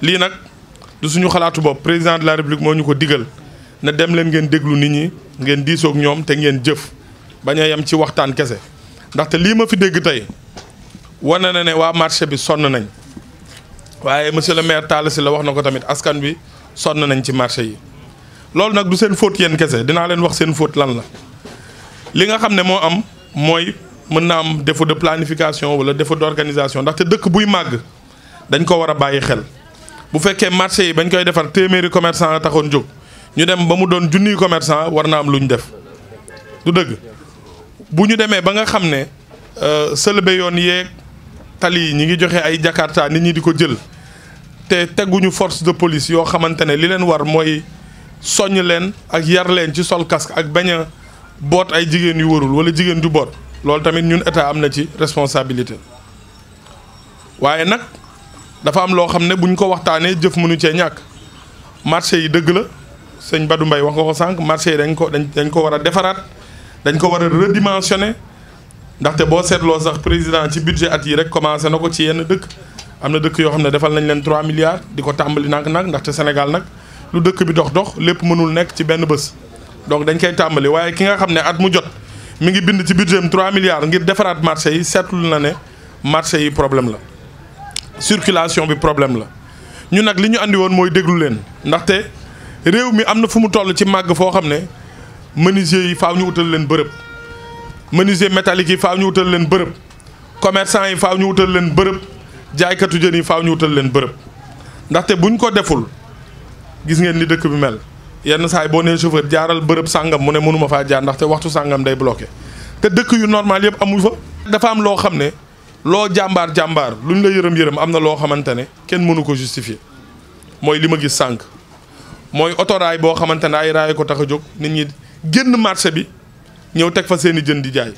lii nag du suñu xalaatu bopp président de la république moo ñu ko digal na dem leen ngeen déglu nit ñi ngeen diisoog ñoom te ngeen jëf bañ a yem ci waxtaan kese ndaxte lii ma fi dégg tey wane na ne waa marché bi sonn nañ waaye monsieur le maire Talla Sylla la wax na ko tamit askan bi sonn nañ ci marché yi. loolu nag du seen faute yéen kese dinaa leen wax seen fóot lan la li nga xam ne moo am. mooy mën na am défaut de planification wala défaut d'organisation ndaxte dëkk buy màgg dañ ko war a bàyyi xel bu fekkee marché yi bañ koy defar téeméeri commerçant la taxoon jóg ñu dem ba mu doon junniy commerçant war na am lu ñu def du dëgg bu ñu demee ba nga xam ne euh, sëlëbe yoon yeeg tali yi ñi ngi joxe ay jakarta nit ñi di ko jël te teguñu force de police yoo xamante ne li leen war mooy soññ leen ak yar leen ci sol casque ak bañ bot ay jigen yu warul wala jigen ju bot lol tamit ñun état amna ci responsabilité waye nak dafa am lo xamne ne buñ ko waxtane jëf mënu ci ñak marché yi deug la señ Badou mbay wax ko sank marché dañ ko dañ ko wara défarat dañ ko war a redimensionné bo boo lo sax président ci budget at yi rek commencé nako ci yenn dëkk amna na dëkk yo xamne defal nañ leen 3 milliards di tambali nak nag nag té Sénégal nag lu dëkk bi dox dox lepp mënul nek ci benn bëss donc dañ koy tàmbali waaye ki nga xam ne at mu jot mi ngi bind ci budget trois 3 milliards ngir defaraat marché yi seetlu na ne marché yi problème la circulation bi problème la ñu nag li ñu andi woon mooy déglu leen ndaxte réew mi am na fu mu toll ci màgg foo xam ne menuisier yi faaw ñu wutal leen bërëb menuisier métallique yi faaw ñu wutal leen bërëb commerçant yi faaw ñu wutal leen bërëb jaaykatu jën yi faaw ñu wutal leen bërëb ndaxte buñ ko deful gis ngeen ni dëkk bi mel yenn saay boo nee chauffeur jaaral bërëb sàngam mu ne mënuma faa jaar ndaxte waxtu sàngam day bloqué te dëkk yu normal yëpp amul fa dafa am loo xam ne loo jàmbaar jàmbaar lu ñu la yërëm-yërëm am na loo xamante ne kenn mënu ko justifier mooy li ma gis sànq mooy otoraay boo xamante ne ay raay ko tax a jóg nit ñi génn marché bi ñëw teg fa seen i jën di jaay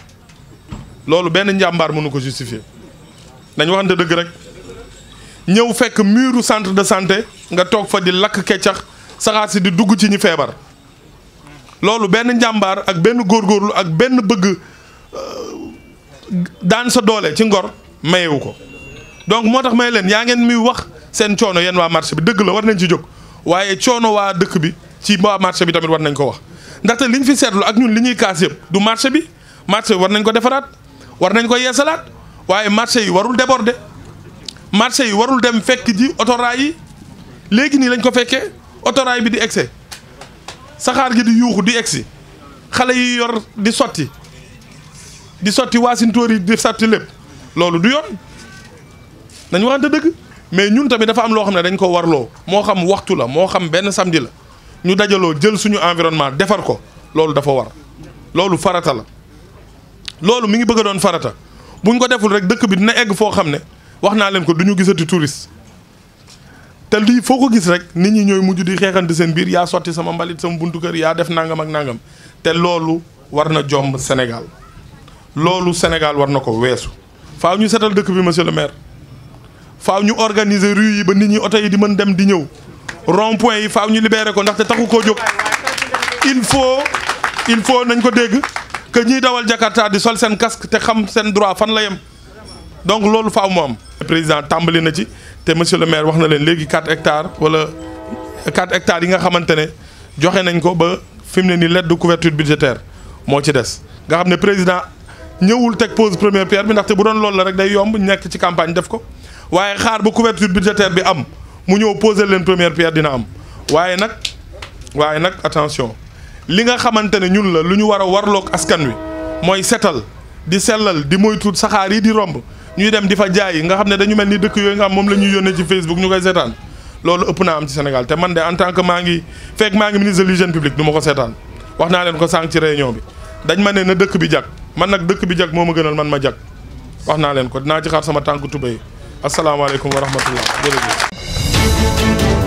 loolu benn njàmbaar mënu ko justifier dañ waxante dëgg rek ñëw fekk muru centre de santé nga toog fa di lakk keccax sangat si di dugg ci ñi feebar loolu benn njàmbaar ak benn góorgóorlu ak benn bëgg euh, daan sa doole ci ngor mayewu ko donc moo tax may leen yaa ngeen muy wax seen coono yéen waa marché bi dëgg la war nañ ci jóg waaye coono waa dëkk bi ci waa marché bi tamit war nañ ko wax ndaxte liñ fi seetlu ak du marché bi marché bi war nañ ko defaraat war nañ ko warul déborder marché yi warul dem fekk ji otorai yi léegi nii lañ ko otoraay bi di egsi saxaar gi di yuuxu di egsi xalé yi yor di soti di soti waasintóor yi di soti lepp loolu du yoon nañ waxante deug mais ñun tamit dafa am lo xamne dañ ko warlo mo xam waxtu la mo xam ben samedi la ñu dajalo jël suñu environnement défar ko loolu dafa war farata la loolu mi ngi bëgg doon farata buñ ko deful rek dëkk bi dina egg fo xamne waxna leen ko duñu gisati touriste té li foko gis rek nit ñi ñoy di xéxante seen biir ya sorti sama mbalit sama buntu kër ya def nangam ak nangam té loolu warna jom jomb Sénégal loolu Sénégal warna ko weesu faaw ñu sétal dëkk bi monsieur le maire faaw ñu organiser rue yi ba nit ñi auto yi di mën dem di ñëw rond point yi faaw ñu libérer ko ndaxte taxu ko il faut il faut nañ ko dégg que ñi dawal Jakarta di sol seen casque te xam seen droit fan la yem donc loolu faaw président tàmbali na ci te monsieur le maire wax na leen léegi 4 hectares wala 4 hectares yi nga xamante ne joxe nañ ko ba fi mu ne nii lettre de couverture budgétaire moo ci des nga xam ne président ñëwul teg pose première pierre bi ndaxte bu doon loolu la rek day yomb nekk ci campagne def ko waaye xaar ba couverture budgétaire bi am mu ñëw poser leen première pierre dina am waaye nag waaye nag attention li nga xamante ne ñun la lu ñu war a warloog askan wi mooy setal di sellal di moytu saxaar yi di romb ñuy dem di fa jaay nga xam ne dañu mel ni dëkk yooyu nga xam moom la ñuy yónnee ci Facebook ñu koy seetaan loolu ëpp naa am ci Sénégal te man de en tant que maa ngi fekk maa ngi ministre de l'hygiène publique du ko seetaan wax naa leen ko sànq ci réunion bi dañ ma ne na dëkk bi jag man nag dëkk bi jag moo ma gënal man ma jag wax naa leen ko dinaa ci xaar sama tànk tubéy asalaamaaleykum wa rahmatullah jërëjëf